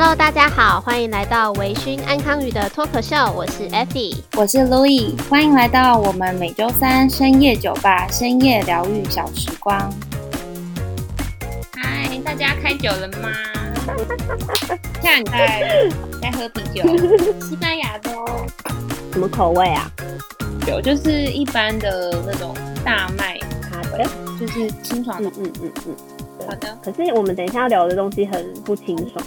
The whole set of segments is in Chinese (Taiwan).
Hello，大家好，歡迎來到微醺鮟鱇魚的脫口秀。我是 Effy，我是 Louis，歡迎來到我們每周三深夜酒吧，深夜療癒小時光。嗨，大家開酒了嗎？ 現在在在喝啤酒， 西班牙的哦。什麼口味啊？有，就是一般的那種大麥咖的， 就是清爽的。嗯嗯嗯嗯。嗯嗯嗯好的。可是我們等一下聊的東西很不清爽。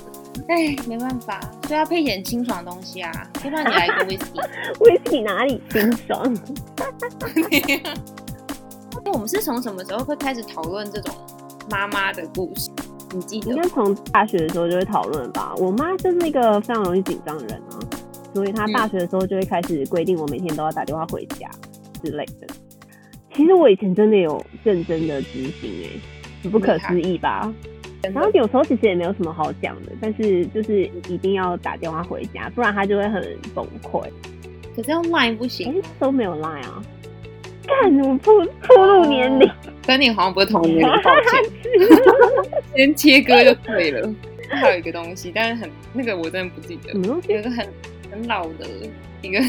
哎，沒辦法，所以要配點清爽的東西啊。要不你來個威士忌， 威士忌哪裡清爽？哎、 欸，我們是從什麼時候會開始討論這種媽媽的故事？你記得嗎？應該從大學的時候就會討論吧？我媽是那個非常容易緊張的人啊，所以她大學的時候就會開始規定我每天都要打電話回家之類的。其實我以前真的有認真的執行，欸，哎，不可思議吧？嗯然後有時候其實也沒有什麼好講的，但是就是一定要打電話回家，不然他就會很崩潰。可是要 Line 不行，都、欸、沒有 Line 啊！幹什麼暴露年齡？跟、哦、你好像不同你年。抱歉，先 切歌就可以了。還有 一個東西，但是很那個我真的不記得。有、mm hmm. 一個很很老的一個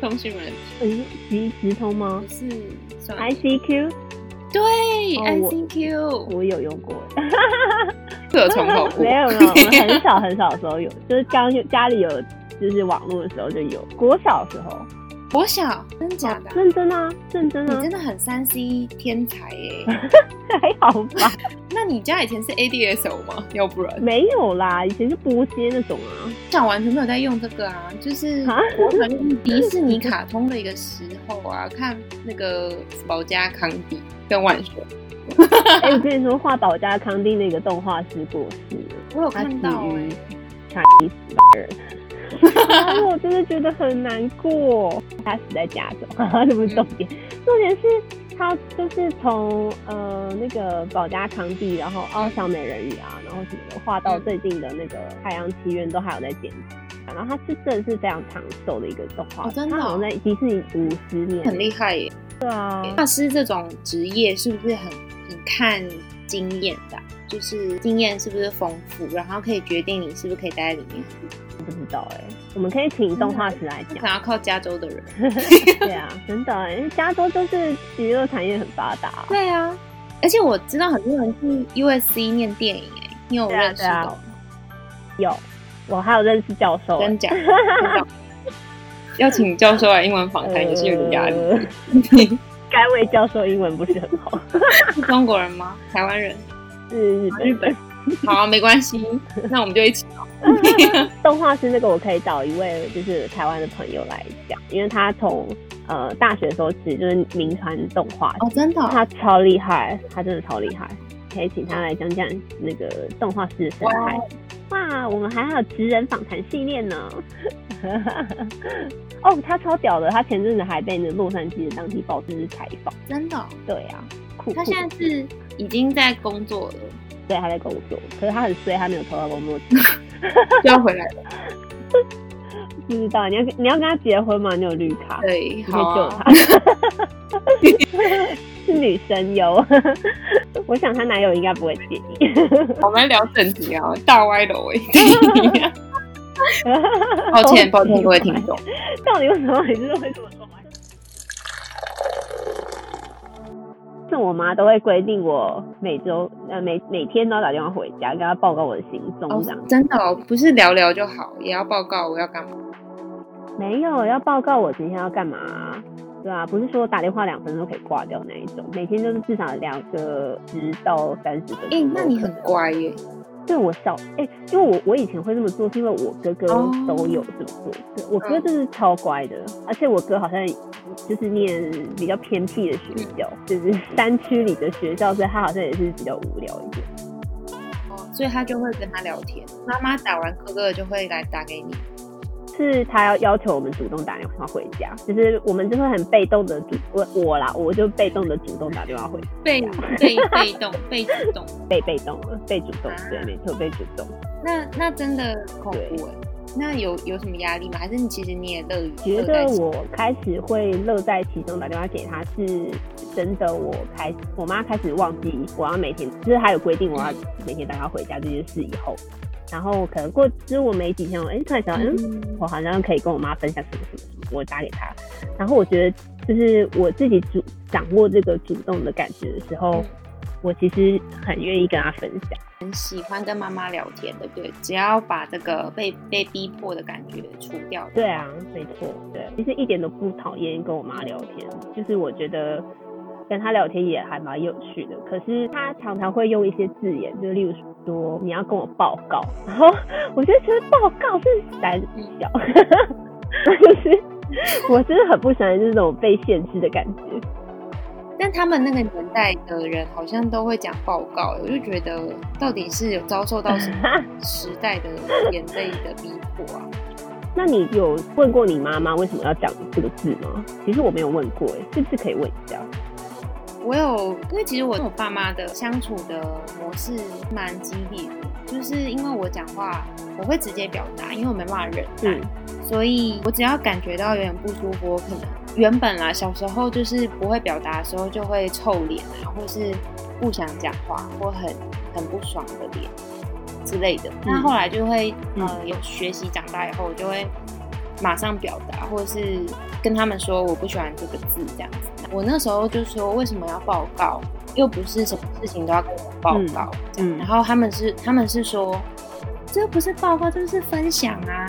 通訊軟體嗎？嗯，直通嗎？是 I C Q。對、oh,，I think you 我。我有用過，哈哈哈哈有過？沒有沒有，我很少很少的時候有， 就是剛家裡有就是網絡的時候就有。國小時候。我想，真假的？啊，認真的、啊，認真的、啊，你真的很三 C 天才耶、欸， 還好吧？ 那你家以前是 ADSL、SO、嗎？要不然沒有啦，以前就撥接那種啊。像完全沒有在用這個啊，就是我很迪士尼卡通的一個時候啊，看那個寶嘉康蒂跟萬歲 欸。我跟你說，畫寶嘉康蒂那個動畫師過世我有看到哎、欸。啊 啊、我真的覺得很難過，他死在家中，啊！這不是重點，嗯、重點是他就是從呃那個寶嘉康蒂，然後奧、哦、小美人魚啊，然後什麼的畫到最近的那個海洋奇緣，都還有在剪輯。嗯、然後他是真的是非常長壽的一個動畫、哦，真的、哦、他好像在迪士尼五十年，很厲害耶！對啊，大師這種職業是不是很看經驗的？就是經驗是不是豐富，然後可以決定你是不是可以待在裡面。我不知道哎、欸，我們可以請動畫師來講，欸、要靠加州的人。 對啊，真的，因為加州就是娛樂產業很發達。對啊，而且我知道很多人去 USC 念電影哎、欸，因為我認識的、啊啊、有，我還有認識教授、欸 真，真假？要請教授來英文訪談也是有點壓力。該 位、呃、教授英文不是很好， 是中國人嗎？台灣人。是日本、啊、日本，好，沒關係， 那我們就一起好了 動畫師這個我可以找一位就是台灣的朋友來講，因為他從呃大學的時候其實就是名傳動畫哦，真的、哦，他超厲害，他真的超厲害，可以請他來講講那個動畫師的生態。哇，哇，我們還有職人訪談系列呢。 哦，他超屌的，他前陣子還被那洛杉磯的當地報紙採訪，真的、哦，對啊，酷酷。他現在是。已經在工作了，對，他在工作，可是他很衰，他沒有投到工作，要回來了，不知道你要你要跟他結婚嗎？你有綠卡，對，你可以救他，是女神喲。我想他男友應該不會介意。我們聊正題啊，大歪樓，抱歉，抱歉，不會聽不懂，到底為什麼會這麼說嗎？我媽都會規定我每周呃、啊、每每天都要打電話回家，跟她報告我的行蹤，這樣、哦、真的、哦、不是聊聊就好，也要報告我要幹嘛？沒有要報告我今天要幹嘛、啊？對啊，不是說打電話兩分鐘可以掛掉那一種，每天就是至少兩個十到三十分鐘、欸。那你很乖耶。對我小哎、欸，因為我我以前會這麼做，是因為我哥哥都有這麼做。Oh. 對我哥就是超乖的，uh. 而且我哥好像就是念比較偏僻的學校，就是山區裡的學校，所以他好像也是比較無聊一點。哦，oh, 所以他就會跟他聊天。媽媽打完哥哥就會來打給你。是，他要要求我們主動打電話回家，其實我們就會很被動的主我我啦，我就被動的主動打電話回家，被被被動被主動被被動被主動，對，沒錯，被主動。那那真的恐怖哎！對那有有什麼壓力嗎？還是你其實你也樂於覺得我開始會樂在其中打電話給他，是真的我。我開我媽開始忘記我要每天，就是她有規定我要每天打她回家這件事以後。然後可能過，其實我沒幾天我，我哎，突然想到，嗯，我好像可以跟我媽分享什麼什麼什麼，我打給她。然後我覺得，就是我自己主掌握這個主動的感覺的時候，嗯、我其實很願意跟她分享，很喜歡跟媽媽聊天，對不對？只要把這個被被逼迫的感覺除掉。對啊，沒錯，對。其實一點都不討厭跟我媽聊天，就是我覺得跟她聊天也還蠻有趣的。可是她常常會用一些字眼，就例如說。說你要跟我報告，然後我就覺得其實報告是膽小,就是我真的很不喜歡這種被限制的感覺。但他們那個年代的人好像都會講報告，我就覺得到底是有遭受到什麼時代的、眼淚的逼迫啊？ 那你有問過你媽媽為什麼要講這個字嗎？其實我沒有問過、欸，哎，這次可以問一下。我有，因為其實我跟我爸媽的相處的模式蠻激烈的，就是因為我講話我會直接表達，因為我沒辦法忍耐，嗯，所以我只要感覺到有點不舒服，我可能原本啊小時候就是不會表達的時候，就會臭臉啊，或是不想講話或很很不爽的臉之類的。那後來就會，嗯，呃，有學習長大以後就會，馬上表達，或者是跟他們說我不喜歡這個字這樣子。我那時候就說，為什麼要報告？又不是什麼事情都要跟我報告。嗯這樣，然後他們是他們是說，這不是報告，這，就是分享啊。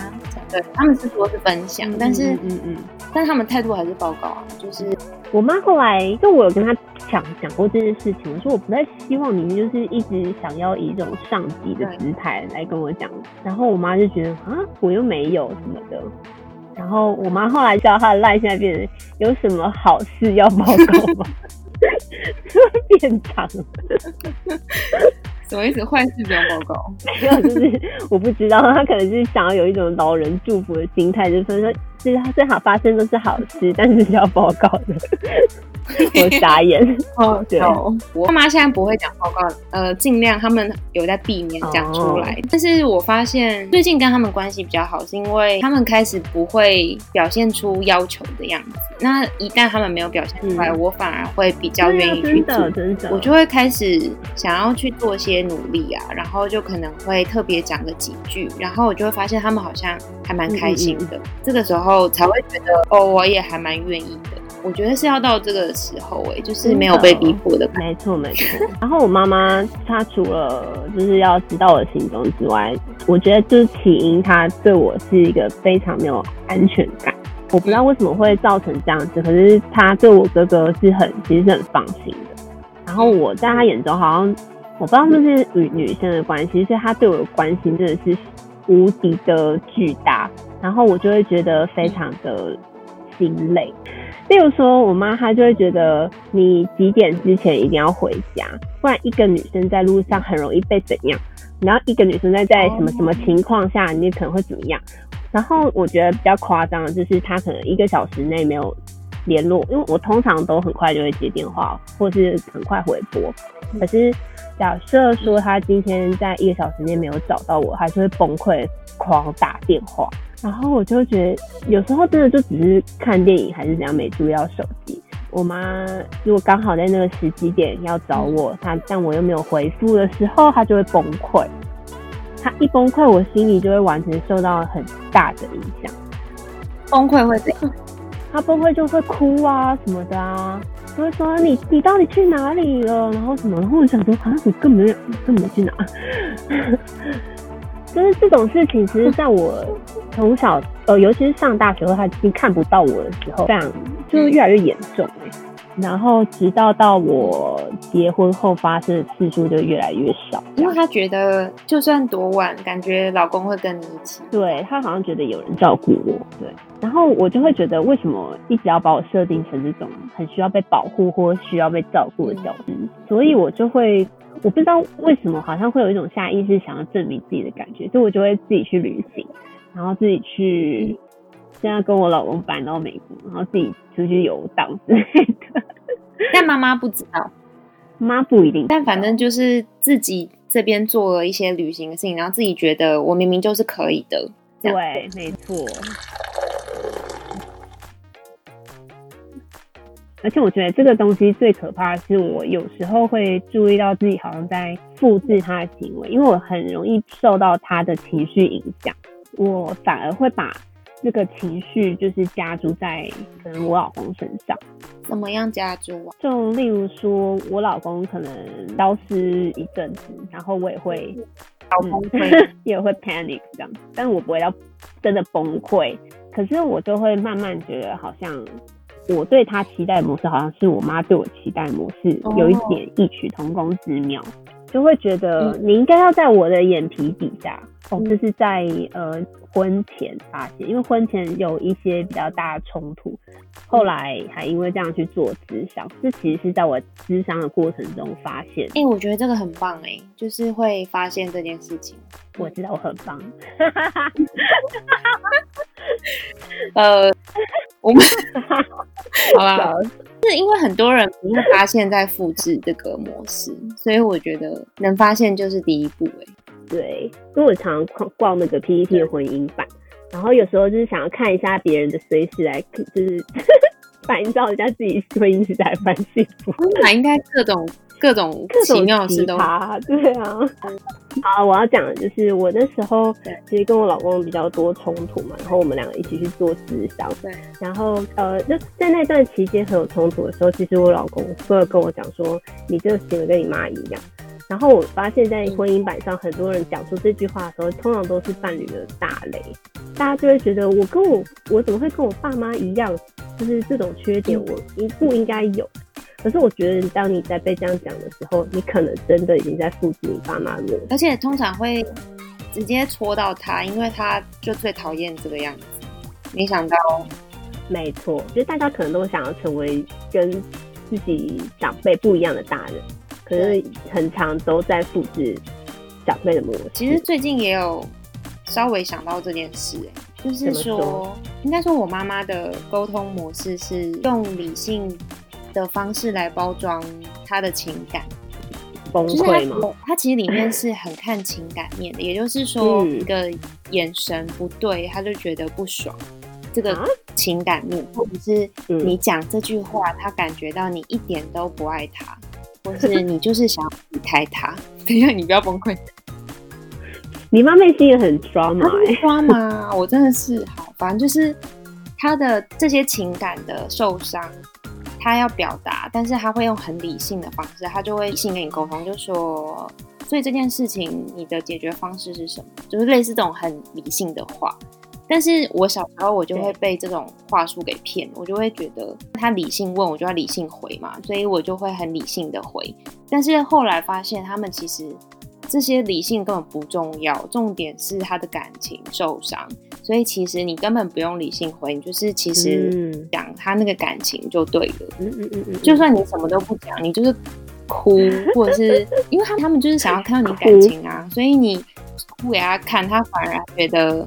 對，他們是說是分享，嗯、但是嗯嗯，嗯嗯但他們態度還是報告啊。就是我媽後來，就我有跟他講講過這件事情。我說我不太希望你們就是一直想要以這種上級的姿態來跟我講。對然後我媽就覺得啊，我又沒有什麼的。然後我媽後來叫她賴，現在變成有什麼好事要報告嗎？ 變長了 什麼意思？壞事不要報告？ 沒有，就是我不知道，她可能就是想要有一種老人祝福的心態，就是說。是，他最好發生都是好事，但是要報告的，我傻眼。哦，對，我媽現在不會講報告，呃，盡量他們有在避免講出來。Oh. 但是我發現最近跟他們關係比較好，是因為他們開始不會表現出要求的樣子。那一旦他們沒有表現出來，嗯、我反而會比較願意去，嗯啊，真的，我真的，我就會開始想要去做一些努力啊，然後就可能會特別講個幾句，然後我就會發現他們好像還蠻開心的。嗯嗯這個時候，然後才會覺得哦，我也還蠻願意的。我覺得是要到這個時候，欸，哎，就是沒有被逼迫的感覺。沒錯沒錯。 然後我媽媽她除了就是要知道我的行蹤之外，我覺得就是起因，她對我是一個非常沒有安全感。我不知道為什麼會造成這樣子，可是她對我哥哥是很，其實是很放心的。然後我在她眼中好像，我不知道是不是與女生的關係，所以她對我的關心真的是無敵的巨大。然後我就會覺得非常的心累，例如說，我媽她就會覺得你幾點之前一定要回家，不然一個女生在路上很容易被怎樣。然後一個女生在在什麼什麼情況下，你可能會怎麼樣？然後我覺得比較誇張的，就是她可能一個小時內沒有聯絡，因為我通常都很快就會接電話或是很快回撥。可是假設說她今天在一個小時內沒有找到我，她就會崩潰狂打電話。然後我就覺得，有時候真的就只是看電影還是怎樣，沒注意到手機。我媽如果剛好在那個時機點要找我，她但我又沒有回復的時候，她就會崩潰。她一崩潰，我心裡就會完全受到很大的影響。崩潰會怎樣？她崩潰就會哭啊什麼的啊，就會說你你到底去哪裡了？然後什麼？然後我想說好像、啊、你根本就根本去哪？ 就是這種事情，其實在我從小呃，尤其是上大學後，他已經看不到我的時候，這樣就是越來越嚴重欸。然後直到到我結婚後，發生的次數就越來越少，因為他覺得就算多晚，感覺老公會跟你一起。對他好像覺得有人照顧我，對。然後我就會覺得，為什麼一直要把我設定成這種很需要被保護或需要被照顧的角色，所以，我就會我不知道為什麼，好像會有一種下意識想要證明自己的感覺，所以我就會自己去旅行，然後自己去。現在跟我老公搬到美國，然後自己出去遊蕩之類的。但媽媽不知道，媽不一定。但反正就是自己這邊做了一些旅行的事情，然後自己覺得我明明就是可以的。對，沒錯。嗯，而且我覺得這個東西最可怕的是，我有時候會注意到自己好像在複製他的行為，因為我很容易受到他的情緒影響，我反而會把。那個情緒就是加注在可能我老公身上，怎麼樣加注啊？就例如說，我老公可能消失一陣子，然後我也會崩也會 panic 這樣，但我不會到真的崩潰，可是我就會慢慢覺得，好像我對他期待的模式，好像是我媽對我期待的模式，oh. 有一點異曲同工之妙，就會覺得你應該要在我的眼皮底下，就，oh. 是在呃。婚前發現，因為婚前有一些比較大的衝突，後來還因為這樣去做諮商，這其實是在我諮商的過程中發現。哎、欸，我覺得這個很棒，哎、欸，就是會發現這件事情。我知道我很棒。呃 uh, 我們 好，好吧。 是因為很多人不會發現，在複製這個模式， 所以我覺得能發現就是第一步、欸。對，因為我常逛那個 PPT 的婚姻版，對然後有時候就是想要看一下別人的隨時來，就是呵呵反映到一下自己婚姻是在翻幸福本來、嗯、應該各種。各種奇妙奇他對啊， 好，我要講的就是我那時候其實跟我老公比較多衝突嘛，然後我們兩個一起去做思想。對，然後呃，在那段期間很有衝突的時候，其實我老公會有跟我講說，你真的變得跟你媽一樣。然後我發現，在婚姻版上，很多人講出這句話的時候，嗯、通常都是伴侶的大雷，大家就會覺得我跟我我怎麼會跟我爸媽一樣，就是這種缺點我應不應該有？嗯嗯可是我覺得，當你在被這樣講的時候，你可能真的已經在複製你爸媽的模式，而且通常會直接戳到他，因為他就最討厭這個樣子。沒想到沒，沒錯，其實大家可能都想要成為跟自己長輩不一樣的大人，可是很常都在複製長輩的模式。其實最近也有稍微想到這件事，就是說，說應該說我媽媽的溝通模式是用理性。的方式來包裝他的情感崩潰嗎？就是他，他其實裡面是很看情感面的， 也就是說，一個眼神不對，他就覺得不爽。這個情感面，啊、或者是你講這句話，嗯、他感覺到你一點都不愛他，或是你就是想離開他。 等一下，你不要崩潰。你媽媽是一個很 drama 抓嗎？我真的是好煩， 就是他的這些情感的受傷。他要表達，但是他會用很理性的方式，他就會理性跟你溝通，就說，所以這件事情你的解決方式是什麼？就是類似這種很理性的話。但是我小時候我就會被這種話術給騙，對我就會覺得他理性問，我就要理性回嘛，所以我就會很理性的回。但是後來發現他們其實。這些理性根本不重要，重點是他的感情受傷。所以其實你根本不用理性回應，就是其實講他那個感情就對了。嗯嗯嗯嗯，就算你什麼都不講，你就是哭，或者是因為他他們就是想要看到你的感情啊，所以你哭給、啊、他看，他反而覺得。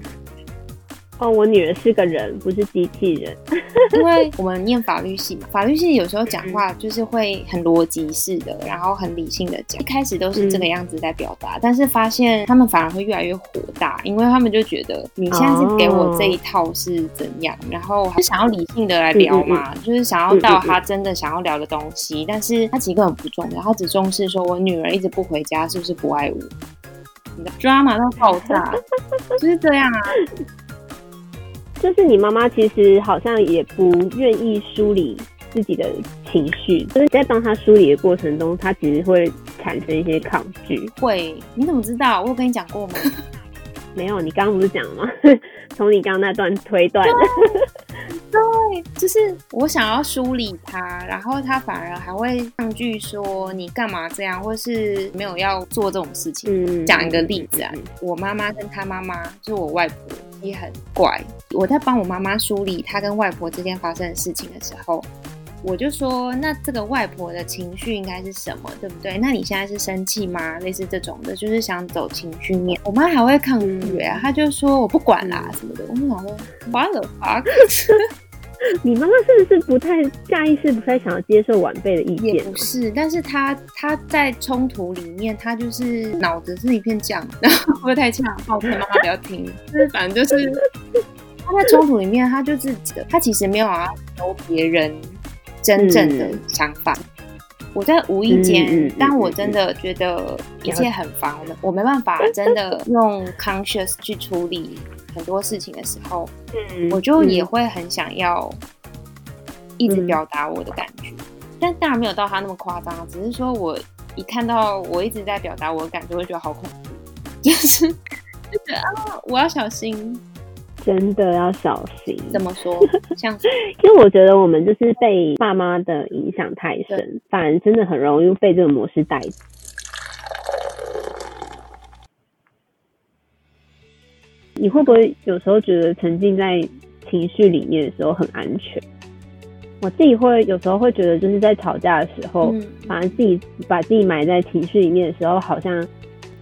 我女兒是個人，不是機器人。 因為我們念法律系嘛，法律系有時候講話就是會很邏輯式的，然後很理性的講，一開始都是這個樣子在表達，嗯、但是發現他們反而會越來越火大，因為他們就覺得你現在是給我這一套是怎樣，哦、然後就想要理性的來聊嘛，嗯嗯嗯就是想要到他真的想要聊的東西，嗯嗯嗯嗯但是他其實根本不重要，然後只重視說我女兒一直不回家是不是不愛我，你的 drama 都爆炸， 就是這樣啊。就是你媽媽其實好像也不願意梳理自己的情緒，就是在幫她梳理的過程中，她其實會產生一些抗拒。會？你怎麼知道？我有跟你講過嗎？ 沒有，你剛剛不是講了嗎？從 你剛剛那段推斷，對，就是我想要梳理她，然後她反而還會抗拒說你幹嘛這樣，或是沒有要做這種事情。嗯、講一個例子啊，嗯、我媽媽跟他媽媽就是我外婆。也很怪，我在幫我媽媽梳理她跟外婆之間發生的事情的時候，我就說，那這個外婆的情緒應該是什麼，對不對？那你現在是生氣嗎？類似這種的，就是想走情緒面。我媽還會抗拒啊，她就說，我不管啦什麼的。我就想說，what the fuck。 你媽媽是不是不太下意識，不太想要接受晚輩的意見？也不是，但是她她在衝突裡面，她就是腦子是一片漿，然後會不會太嗆好聽媽媽不要聽，就是反正就是她 在衝突裡面，她就是她其實沒有要求別人真正的想法。嗯、我在無意間，嗯嗯嗯嗯、但我真的覺得一切很煩，我、嗯、我沒辦法真的用 conscious 去處理。很多事情的時候，嗯，我就也會很想要一直表達我的感覺，嗯、但當然沒有到他那麼誇張，只是說我一看到我一直在表達我的感覺，會覺得好恐怖，就是就是、啊，我要小心，真的要小心。怎麼說？像什麼？因為我覺得我們就是被爸媽的影響太深，對反而真的很容易被這個模式帶。你會不會有時候覺得沉浸在情緒裡面的時候很安全？我自己會有時候會覺得，就是在吵架的時候，反而自己把自己埋在情緒裡面的時候，好像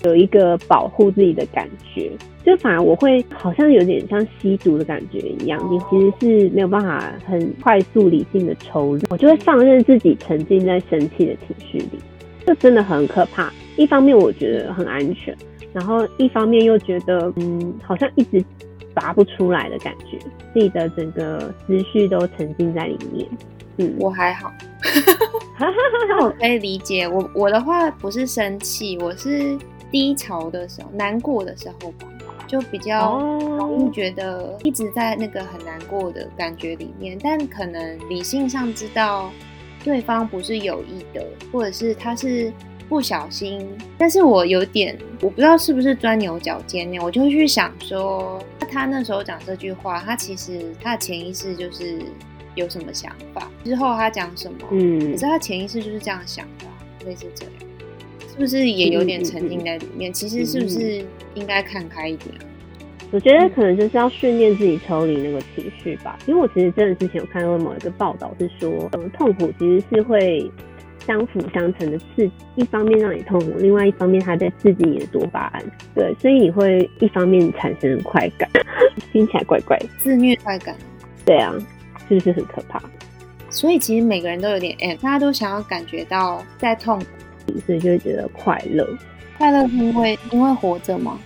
有一個保護自己的感覺，就反而我會好像有點像吸毒的感覺一樣，你其實是沒有辦法很快速理性的抽離，我就會放任自己沉浸在生氣的情緒裡，這真的很可怕。一方面我覺得很安全。然後一方面又覺得，嗯，好像一直拔不出來的感覺，自己的整個思緒都沉浸在裡面。嗯，我還好， 我可以理解。我我的話不是生氣，我是低潮的時候，難過的時候吧，就比較容易覺得一直在那個很難過的感覺裡面。但可能理性上知道對方不是有意的，或者是他是。不小心，但是我有點，我不知道是不是鑽牛角尖呢。我就會去想說，他那時候講這句話，他其實他的潛意識就是有什麼想法。之後他講什麼，嗯，可是他潛意識就是這樣想的，類似這樣，是不是也有點沉浸在裡面？嗯嗯，其實是不是應該看開一點？我覺得可能就是要訓練自己抽離那個情緒吧。因為我其實真的之前有看過某一個報道，是說，嗯，痛苦其實是會。相輔相成的刺激，一方面讓你痛苦，另外一方面它在刺激你的多巴胺，對，所以你會一方面產生快感，聽起來怪怪的，自虐快感，對啊，是、就、不是很可怕？所以其實每個人都有點愛、欸，大家都想要感覺到在痛苦，所以就會覺得快樂。快樂是因為因為活着嗎？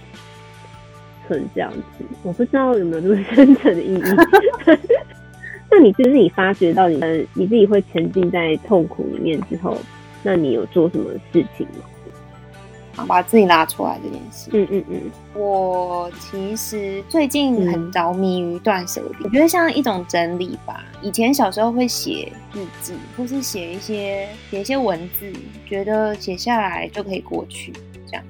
是這樣子，我不知道有沒有這麼深層的意義。 那你就是你發覺到你的你自己會沉浸在痛苦裡面之後，那你有做什麼事情嗎？把自己拉出來這件事。嗯嗯嗯。嗯嗯，我其實最近很着迷於斷捨離，嗯，我覺得像一種整理吧。以前小時候會寫日記，或是寫一些寫一些文字，覺得寫下來就可以過去這樣。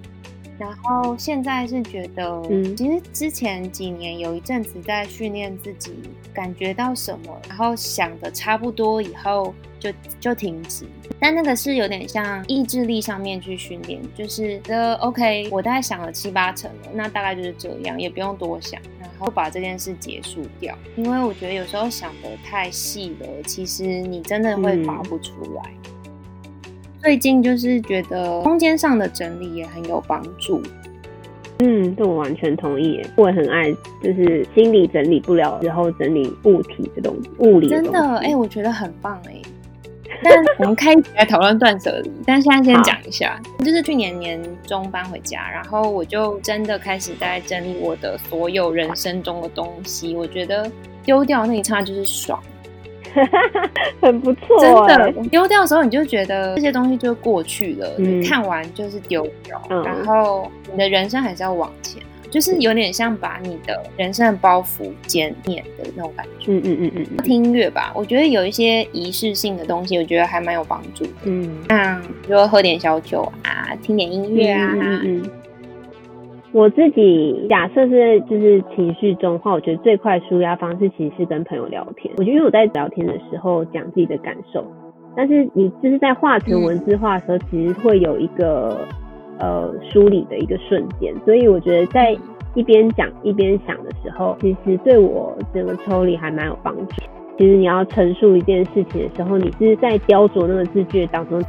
然後現在是覺得，嗯，其實之前幾年有一陣子在訓練自己。感覺到什麼，然後想得差不多以後就就停止。但那個是有點像意志力上面去訓練，就是的。OK，我大概想了七八成了，那大概就是這樣，也不用多想，然後把這件事結束掉。因為我覺得有時候想得太細了，其實你真的會拔不出來。嗯、最近就是覺得空間上的整理也很有幫助。嗯，這我完全同意。我也很愛，就是心理整理不了，然後整理物體這種物理東西。真的，哎、欸，我覺得很棒哎。但我們開始來討論斷捨離， 但現在先講一下，好就是去年年中搬回家，然後我就真的開始在整理我的所有人生中的東西。我覺得丟掉那一剎就是爽。 很不錯、欸，真的丟掉的時候，你就覺得這些東西就過去了，你、嗯、看完就是丟掉，嗯、然後你的人生還是要往前，就是有點像把你的人生的包袱減免的那種感覺。嗯嗯嗯，嗯聽音樂吧，我覺得有一些儀式性的東西，我覺得還蠻有幫助的。嗯，像比如說喝點小酒啊，聽點音樂啊。嗯嗯嗯我自己假設是在就是情緒中的話，我覺得最快紓壓方式其實是跟朋友聊天。我覺得因為我在聊天的時候講自己的感受，但是你就是在畫成文字化的時候，其實會有一個呃梳理的一個瞬間。所以我覺得在一邊講一邊想的時候，其實對我整個抽離還蠻有幫助。其實你要陳述一件事情的時候，你是在雕琢那個字句當中。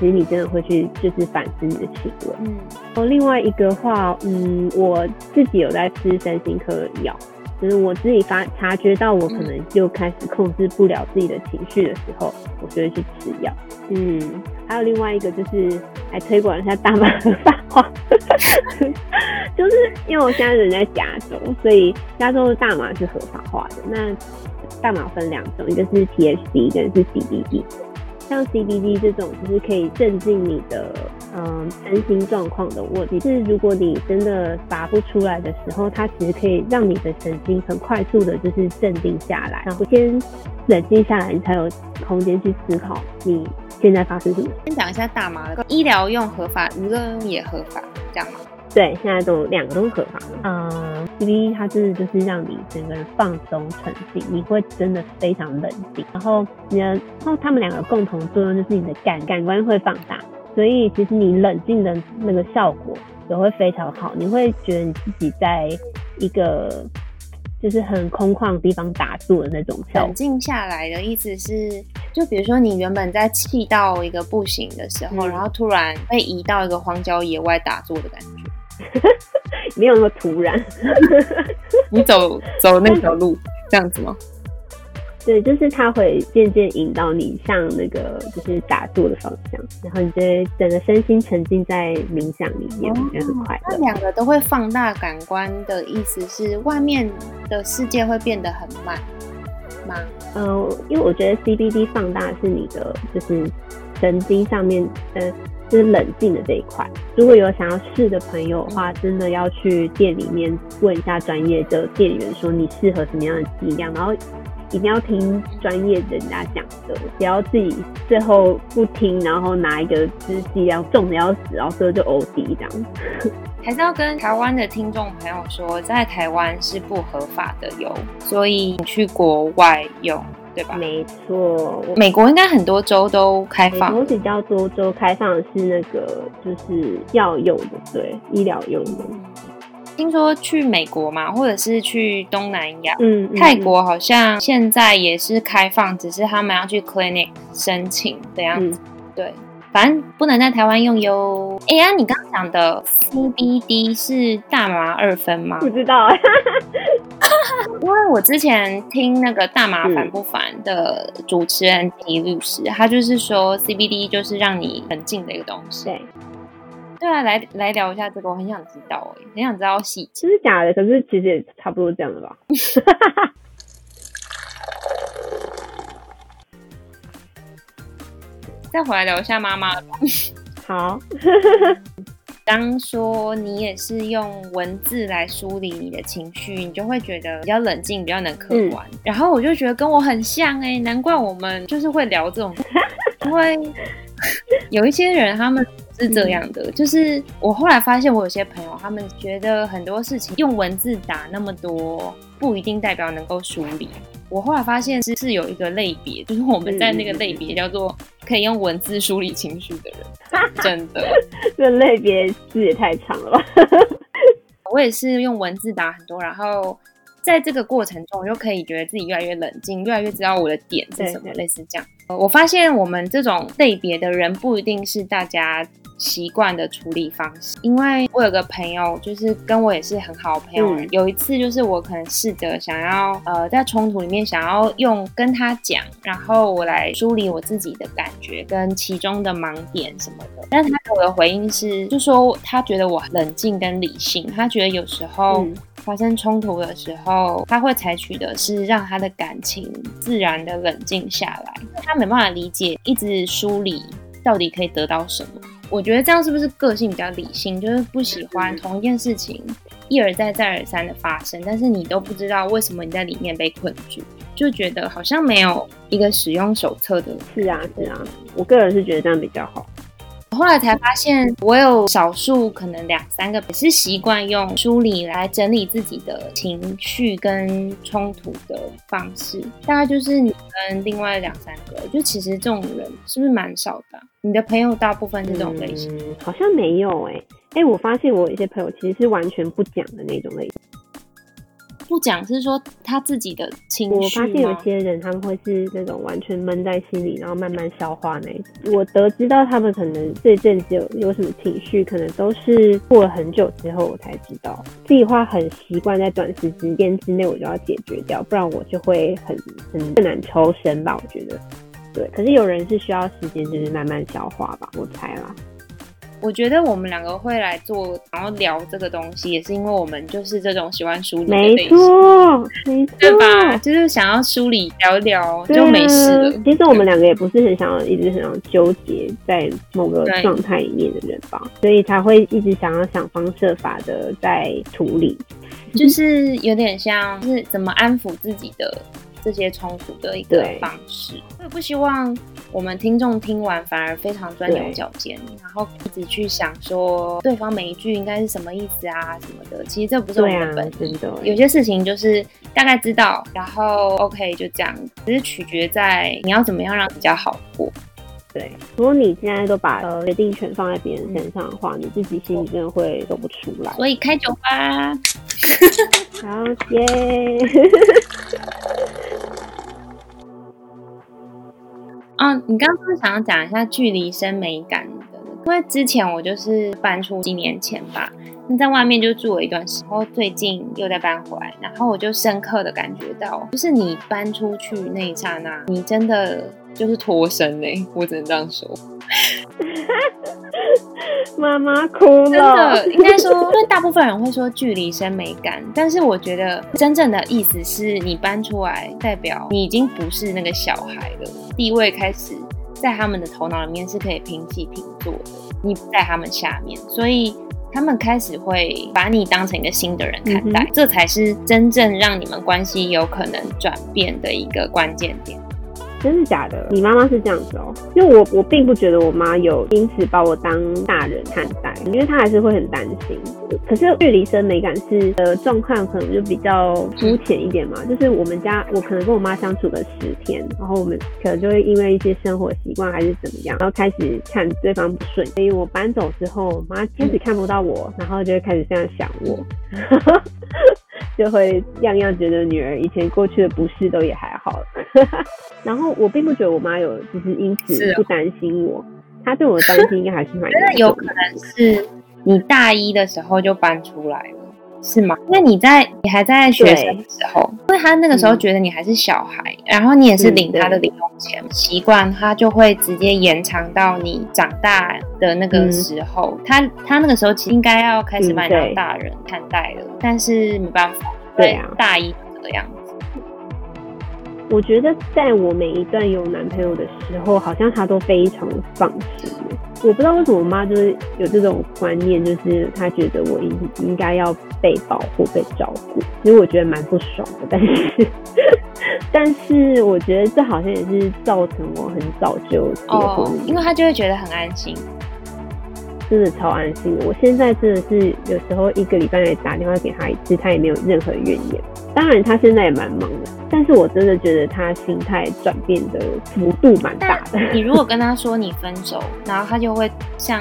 其實你真的會去就是反思你的情緒，嗯、哦。另外一個話，嗯，我自己有在吃身心科的藥，就是我自己發察覺到我可能又開始控制不了自己的情緒的時候，我就會去吃藥。嗯，還有另外一個就是還推廣了一下大麻合法化， 就是因為我現在人在加州，所以加州的大麻是合法化的。那大麻分兩種，一個是 T H C，一個是 C B D。像 CBD 這種就是可以鎮靜你的嗯、呃、身心狀況的握，就是如果你真的拔不出來的時候，它其實可以讓你的神經很快速的就是鎮定下來，然後先冷靜下來，你才有空間去思考你現在發生什麼。先講一下大麻的，醫療用合法，娛樂用也合法，這樣嗎？對，現在都兩個都是合法的。嗯，CBD 它真的就是讓你整個人放鬆、沉靜，你會真的非常冷靜。然後你的，然後他們兩個共同作用就是你的感感官會放大，所以其實你冷靜的那個效果也會非常好。你會覺得你自己在一個就是很空曠的地方打坐的那種效果。冷靜下來的意思是，就比如說你原本在氣到一個不行的時候，嗯、然後突然被移到一個荒郊野外打坐的感覺。 沒有那麼突然， 你走走那條路 是這樣子嗎？對，就是它會漸漸引導你向那個就是打坐的方向，然後你覺得整個身心沉浸在冥想裡面，我覺、嗯、很快樂。兩個都會放大感官的意思是，外面的世界會變得很慢嗎？嗯、呃，因為我覺得 CBD 放大是你的，就是神經上面的。就是冷靜的這一塊。如果有想要試的朋友的話，真的要去店裡面問一下專業的店員，說你適合什麼樣的劑量，然後一定要聽專業的人家講的，不要自己最後不聽，然後拿一個支劑量重的要死，然後所以就 OD 這樣。 還是要跟台灣的聽眾朋友說，在台灣是不合法的喲，所以你去國外用。對吧，沒錯，美國應該很多州都開放。美國比較多州開放的是那個就是藥用的，對，醫療用的。聽說去美國嘛，或者是去東南亞，嗯，嗯泰國好像現在也是開放，只是他們要去 clinic 申請這樣子。嗯、對，反正不能在台灣用喲。哎呀、啊，你剛剛講的 CBD 是大麻二酚嗎？不知道。 因為我之前聽那個《大麻煩不煩》的主持人李、嗯、律師，他就是說 CBD 就是讓你很近的一個東西。對，對啊，來來聊一下這個，我很想知道哎、欸，很想知道細節。其實假的，可是其實也差不多這樣了吧。 再回來聊一下媽媽 好。 當說你也是用文字來梳理你的情緒，你就會覺得比較冷靜，比較能客觀。嗯、然後我就覺得跟我很像哎、欸，難怪我們就是會聊這種， 因為有一些人他們是這樣的。嗯、就是我後來發現，我有些朋友他們覺得很多事情用文字打那麼多，不一定代表能夠梳理。我後來發現是有一個類別，就是我們在那個類別叫做可以用文字梳理情緒的人。真的， 這類別字也太長了吧！ 我也是用文字打很多，然後在這個過程中，我又可以覺得自己越來越冷靜，越來越知道我的點是什麼，對對對類似這樣。我發現我們這種類別的人，不一定是大家習慣的處理方式，因為我有個朋友，就是跟我也是很好的朋友。嗯、有一次，就是我可能試着想要，呃，在衝突裡面想要用跟他講，然後我來梳理我自己的感覺跟其中的盲點什麼的。但他給我的回應是，就說他覺得我冷靜跟理性，他覺得有時候發生衝突的時候，嗯、他會採取的是讓他的感情自然的冷靜下來，因為他沒辦法理解一直梳理到底可以得到什麼。我覺得這樣是不是個性比較理性？就是不喜歡同一件事情一而再、再而三的發生，但是你都不知道為什麼你在裡面被困住，就覺得好像沒有一個使用手冊的。是啊，是啊，我個人是覺得這樣比較好。後來才發現，我有少數可能兩三個，也是習慣用梳理來整理自己的情緒跟衝突的方式。大概就是你跟另外兩三個，就其實這種人是不是蠻少的啊？你的朋友大部分是這種類型。嗯，好像沒有誒、欸，誒、欸，我發現我有一些朋友其實是完全不講的那種類型。不講是說他自己的情緒。我發現有些人他們會是那種完全悶在心裡，然後慢慢消化那一種。我得知到他們可能這一陣子有有什麼情緒，可能都是過了很久之後我才知道。自己話很習慣在短時間之內我就要解決掉，不然我就會很很難抽身吧。我覺得，對。可是有人是需要時間，就是慢慢消化吧，我猜啦。我覺得我們兩個會來做，然後聊這個東西，也是因為我們就是這種喜歡梳理的類型。沒錯錯，沒錯，對吧？錯就是想要梳理，聊一聊、啊、就沒事了。其實我們兩個也不是很想要對一直很想要糾結在某個狀態裡面的人吧，對所以才會一直想要想方設法的在處理，就是有點像，是怎麼安撫自己的這些衝突的一個方式。對我也不希望。我們聽眾聽完反而非常鑽牛角尖，對然後一直去想說，對方每一句應該是什麼意思啊什麼的。其實這不是我們本身的，啊、有些事情就是大概知道，然後 OK 就這樣，只是取決在你要怎麼樣讓比較好過。對，如果你現在都把決定權放在別人身上的話，嗯、你自己心裡面會都不出來。所以開酒吧， 好耶！ 嗯、哦，你剛剛是想要講一下距離生美感的那個？因為之前我就是搬出幾年前吧，那在外面就住了一段時間，最近又在搬回來，然後我就深刻的感覺到，就是你搬出去那一剎那，你真的。就是脫身呢、欸，我只能這樣說。媽媽哭了。真的，應該說，因為大部分人會說距離生美感，但是我覺得真正的意思是你搬出來，代表你已經不是那個小孩了，地位開始在他們的頭腦裡面是可以平起平坐的，你不在他們下面，所以他們開始會把你當成一個新的人看待，這才是真正讓你們關係有可能轉變的一個關鍵點。真的假的？你媽媽是這樣子哦、喔，因為我我並不覺得我媽有因此把我當大人看待。因為他還是會很擔心，可是距離生美感是的狀況可能就比較膚淺一點嘛。就是我們家，我可能跟我媽相處了十天，然後我們可能就會因為一些生活習慣還是怎麼樣，然後開始看對方不順。所以我搬走之後，媽開始看不到我，然後就會開始這樣想我， 就會樣樣覺得女兒以前過去的不是都也還好了。 然後我並不覺得我媽有就是因此不擔心我。他對我的擔心應該還是蠻的，覺得有可能是你大一的時候就搬出來了，是嗎？那你在你還在學生的時候，對因為他那個時候覺得你還是小孩，嗯、然後你也是領他的零用錢，嗯、習慣他就會直接延長到你長大的那個時候。嗯、他他那個時候其實應該要開始把你當大人看待了，嗯、但是沒辦法，對，對、啊、大一這樣。我覺得在我每一段有男朋友的時候，好像他都非常放心。我不知道為什麼我媽就是有這種觀念，就是他覺得我應應該要被保護、被照顧。其實我覺得蠻不爽的，但是但是我覺得這好像也是造成我很早就結婚，oh, 因為他就會覺得很安心，真的超安心。我現在真的是有時候一個禮拜來打電話給他一次，他也沒有任何怨言。當然，他現在也蠻忙的，但是我真的覺得他心態轉變的幅度蠻大的。你如果跟他說你分手，然後他就會像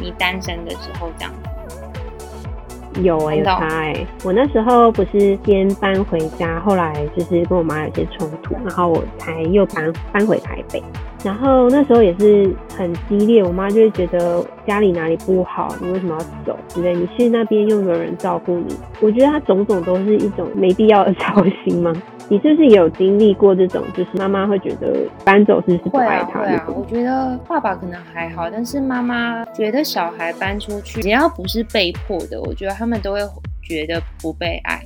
你單身的時候這樣子。有欸，有他欸，我那時候不是先搬回家，後來就是跟我媽有些衝突，然後我才又搬搬回台北。然後那時候也是很激烈，我媽就會覺得家裡哪裡不好，你為什麼要走？對不對？你去那邊又沒有人照顧你，我覺得他種種都是一種沒必要的操心嗎？你是不是也有經歷過這種，就是媽媽會覺得搬走是不是不愛他？對啊，啊，我覺得爸爸可能還好，但是媽媽覺得小孩搬出去，只要不是被迫的，我覺得他們都會覺得不被愛。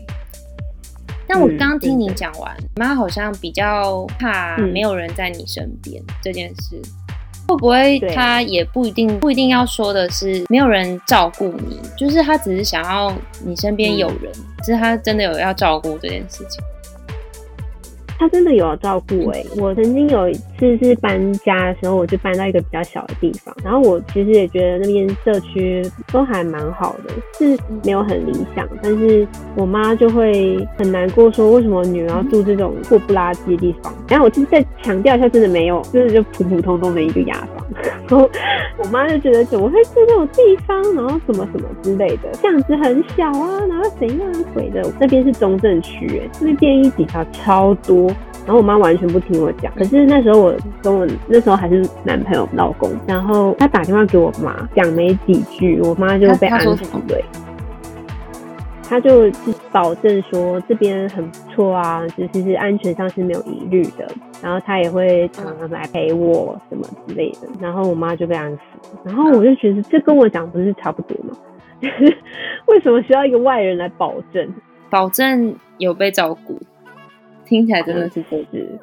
但我剛聽你講完，嗯、對對媽好像比較怕沒有人在你身邊、嗯、這件事，會不會她也不一定對不一定要說的是沒有人照顧你，就是她只是想要你身邊有人，嗯、是她真的有要照顧這件事情。她真的有要照顧、欸嗯、我曾經有一。是是搬家的時候，我就搬到一個比較小的地方。然後我其實也覺得那邊社區都還蠻好的，是沒有很理想。但是我媽就會很難過，說為什麼女兒要住這種破不拉幾的地方。然後我就再強調一下，真的沒有，就是就普普通通的一個雅房。然後我媽就覺得怎麼會住這種地方，然後什麼什麼之類的，巷子很小啊，然後怎樣怎樣的。那邊是中正區，哎，那邊便衣警察超多。然後我媽完全不聽我講。可是那時候我。我跟我那時候還是男朋友老公，然後他打電話給我媽，講沒幾句，我媽就被安撫，對，他就、就保證說這邊很不錯啊，就是安全上是沒有疑慮的。然後他也會常常來陪我什麼之類的。然後我媽就被安撫。然後我就覺得這跟我講不是差不多嗎？ 為什麼需要一個外人來保證，保證有被照顧？聽起來真的是就、嗯、是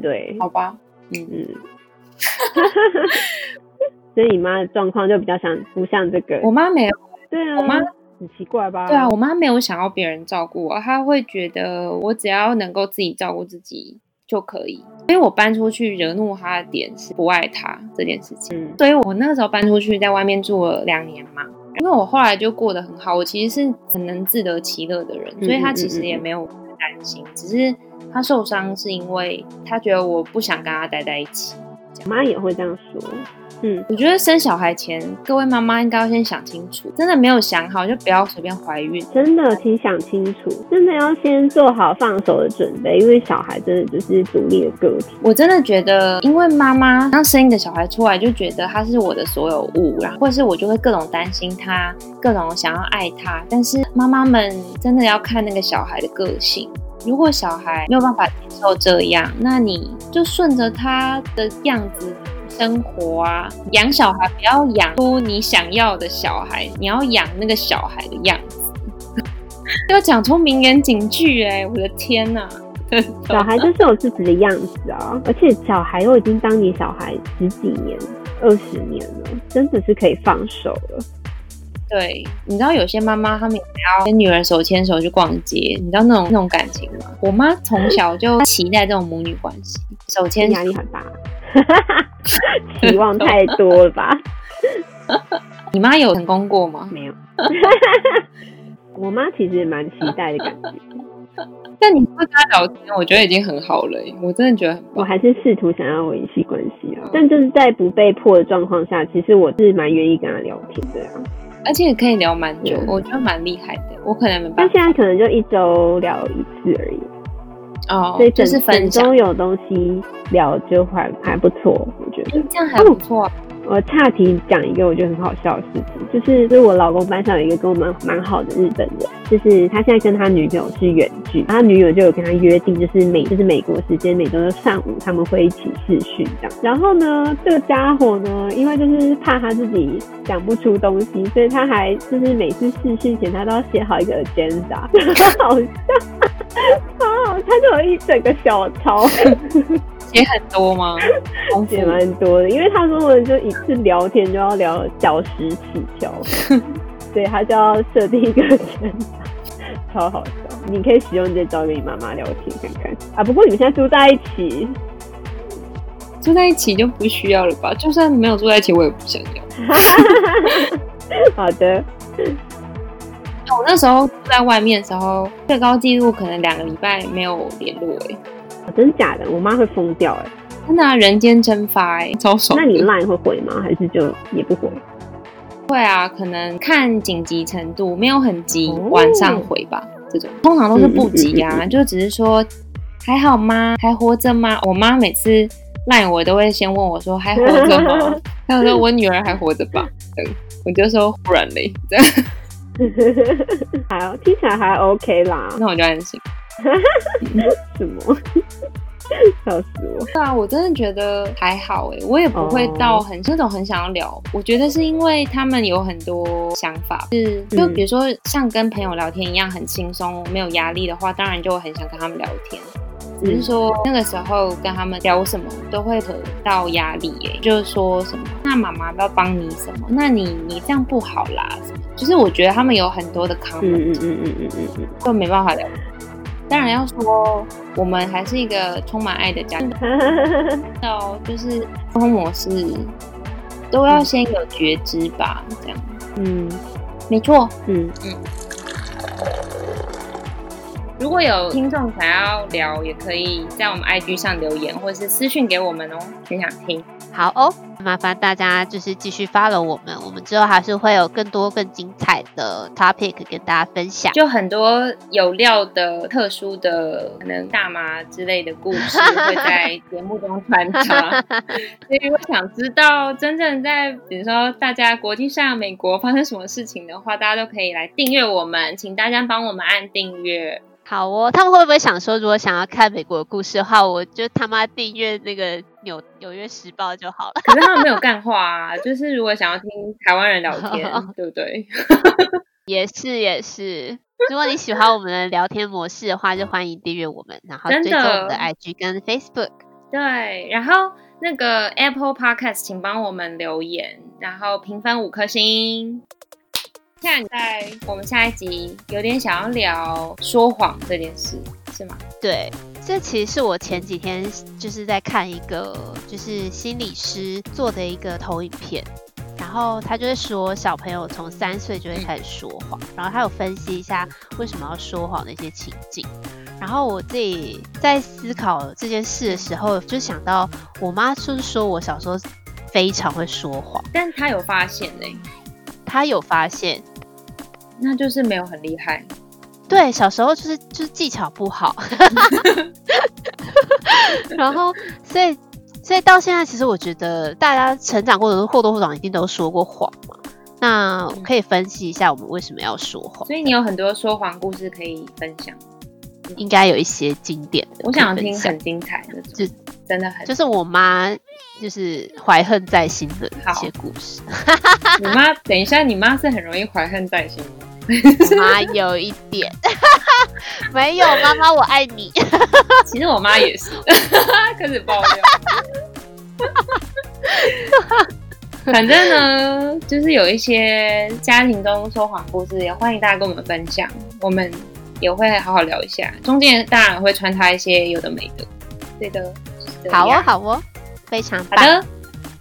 對，好吧。嗯嗯， 所以你媽的狀況就比較像不像這個？我媽沒有，對啊，我媽很奇怪吧？對啊，我媽沒有想要別人照顧我，她會覺得我只要能夠自己照顧自己就可以。所以我搬出去惹怒她的點是不愛她這件事情。嗯，所以我那個時候搬出去在外面住了兩年嘛，因為我後來就過得很好，我其實是很能自得其樂的人，所以她其實也沒有擔心，嗯嗯嗯只是。他受傷是因為他覺得我不想跟他待在一起。媽也會這樣說。嗯，我覺得生小孩前，各位媽媽應該要先想清楚，真的沒有想好就不要隨便懷孕。真的，請想清楚，真的要先做好放手的準備，因為小孩真的就是獨立的個體。我真的覺得，因為媽媽剛生一個小孩出來，就覺得他是我的所有物啦，然後或者是我就會各種擔心他，各種想要愛他。但是媽媽們真的要看那個小孩的個性。如果小孩沒有辦法接受這樣，那你就順着他的樣子生活啊。養小孩不要養出你想要的小孩，你要養那個小孩的樣子。要 講出名言警句哎、欸，我的天哪、啊！ 小孩就是我自己的樣子啊，而且小孩我已經當你小孩十幾年、二十年了，真的是可以放手了。對，你知道有些媽媽她們也要跟女兒手牽手去逛街，你知道那種那種感情嗎？我媽從小就期待這種母女關係，手牽手。壓力很大啊。 期望太多了吧？ 你媽有成功過嗎？沒有。 我媽其實蠻期待的感覺，但你不跟她聊天，我覺得已經很好了。我真的覺得，我還是試圖想要維繫關係啊，但就是在不被迫的狀況下，其實我是蠻願意跟她聊天的而且也可以聊蠻久，Yeah. 我覺得蠻厲害的。我可能沒辦法。但現在可能就一周聊一次而已。哦，oh, 所以只是本週有東西聊就還還不錯，我覺得這樣還不錯，啊。Oh. 我岔題講一個我覺得很好笑的事情，就是就是我老公班上有一個跟我們蠻好的日本人，就是他現在跟他女朋友是遠距，他女友就有跟他約定，就是每，就是美國時間每週的上午他們會一起視訊這樣。然後呢，這個傢伙呢，因為就是怕他自己講不出東西，所以他還就是每次視訊前他都要寫好一個 agenda，好 好笑，啊，他就有一整個小抄。 也很多嗎？也蠻多的，因為他說我就一次聊天就要聊小時起跳，所以 他就要設定一個時間，超好笑。你可以使用這招跟你媽媽聊天看看啊。不過你們現在住在一起，住在一起就不需要了吧？就算沒有住在一起，我也不想要。 好的，我那時候住在外面的時候，最高紀錄可能兩個禮拜沒有聯絡哎、欸。真的假的？我媽會瘋掉、欸、真的啊，人間蒸發哎、欸，超爽的。那你賴會回嗎？還是就也不回？會啊，可能看緊急程度，沒有很急，哦、晚上回吧。這種通常都是不急啊，是是是是，就只是說還好嗎？還活着嗎？我媽每次賴我都會先問我說還活着嗎？她 是說我女兒還活着吧，我就說不然嘞？這樣， 好，聽起來還 OK 啦。那我就安心。哈哈哈什麼？笑死我、嗯！是啊，我真的覺得還好哎、欸，我也不會到很這、oh. 種很想要聊。我覺得是因為他們有很多想法，就是就比如說像跟朋友聊天一樣很輕鬆，沒有壓力的話，當然就很想跟他們聊天。只是說那個時候跟他們聊什麼都會得到壓力、欸，誒，就是說什麼那媽媽要幫你什麼，那你你這樣不好啦，就是我覺得他們有很多的 comment，嗯嗯嗯嗯嗯嗯嗯，就沒辦法聊。當然要說，我們還是一個充滿愛的家庭。 到就是溝通模式，都要先有覺知吧，這樣。嗯，沒錯。嗯嗯。嗯嗯如果有聽眾想要聊，也可以在我們 IG 上留言，或是私訊給我們哦，很想聽，好哦，麻煩大家就是繼續 follow 我們，我們之後還是會有更多更精彩的 topic 跟大家分享，就很多有料的、特殊的，可能大麻之類的故事會在節目中穿插， 所以我想知道真正在，比如說大家國際上美國發生什麼事情的話，大家都可以來訂閱我們，請大家幫我們按訂閱。好哦，他們會不會想說，如果想要看美國的故事的話，我就他媽訂閱那個紐紐約時報就好了。可是他們沒有乾話啊， 就是如果想要聽台灣人聊天，oh. 對不對？ 也是也是。如果你喜歡我們的聊天模式的話， 就歡迎訂閱我們，然後追蹤我們的 IG 跟 Facebook。對，然後那個 Apple Podcast，請幫我們留言，然後評分五顆星。現在我們下一集有點想要聊說謊這件事，是嗎？對，這其實是我前幾天就是在看一個就是心理師做的一個投影片，然後他就是說小朋友從三歲就會開始說謊，嗯、然後他有分析一下為什麼要說謊的一些情境，然後我自己在思考這件事的時候，就想到我媽就是說我小時候非常會說謊，但他有發現嘞、欸。他有發現，那就是沒有很厲害。對，小時候就是就是技巧不好， 然後所以所以到現在，其實我覺得大家成長過程中或多或少一定都說過謊嘛。那可以分析一下我們為什麼要說謊，所以你有很多說謊故事可以分享。應該有一些經典的，我想聽很精彩的，就真的很，就是我媽就是懷恨在心的一些故事。你媽？等一下，你媽是很容易懷恨在心嗎？我媽 有一點， 沒有媽媽我愛你。 其實我媽也是，開 始爆料。 反正呢，就是有一些家庭中說謊故事，也歡迎大家跟我們分享。我們。也會好好聊一下，中間當然會穿插一些有的沒的，對的，就是、好哦，好哦，非常棒。好的，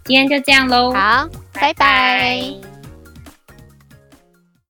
今天就這樣嘍，好，拜拜。拜拜。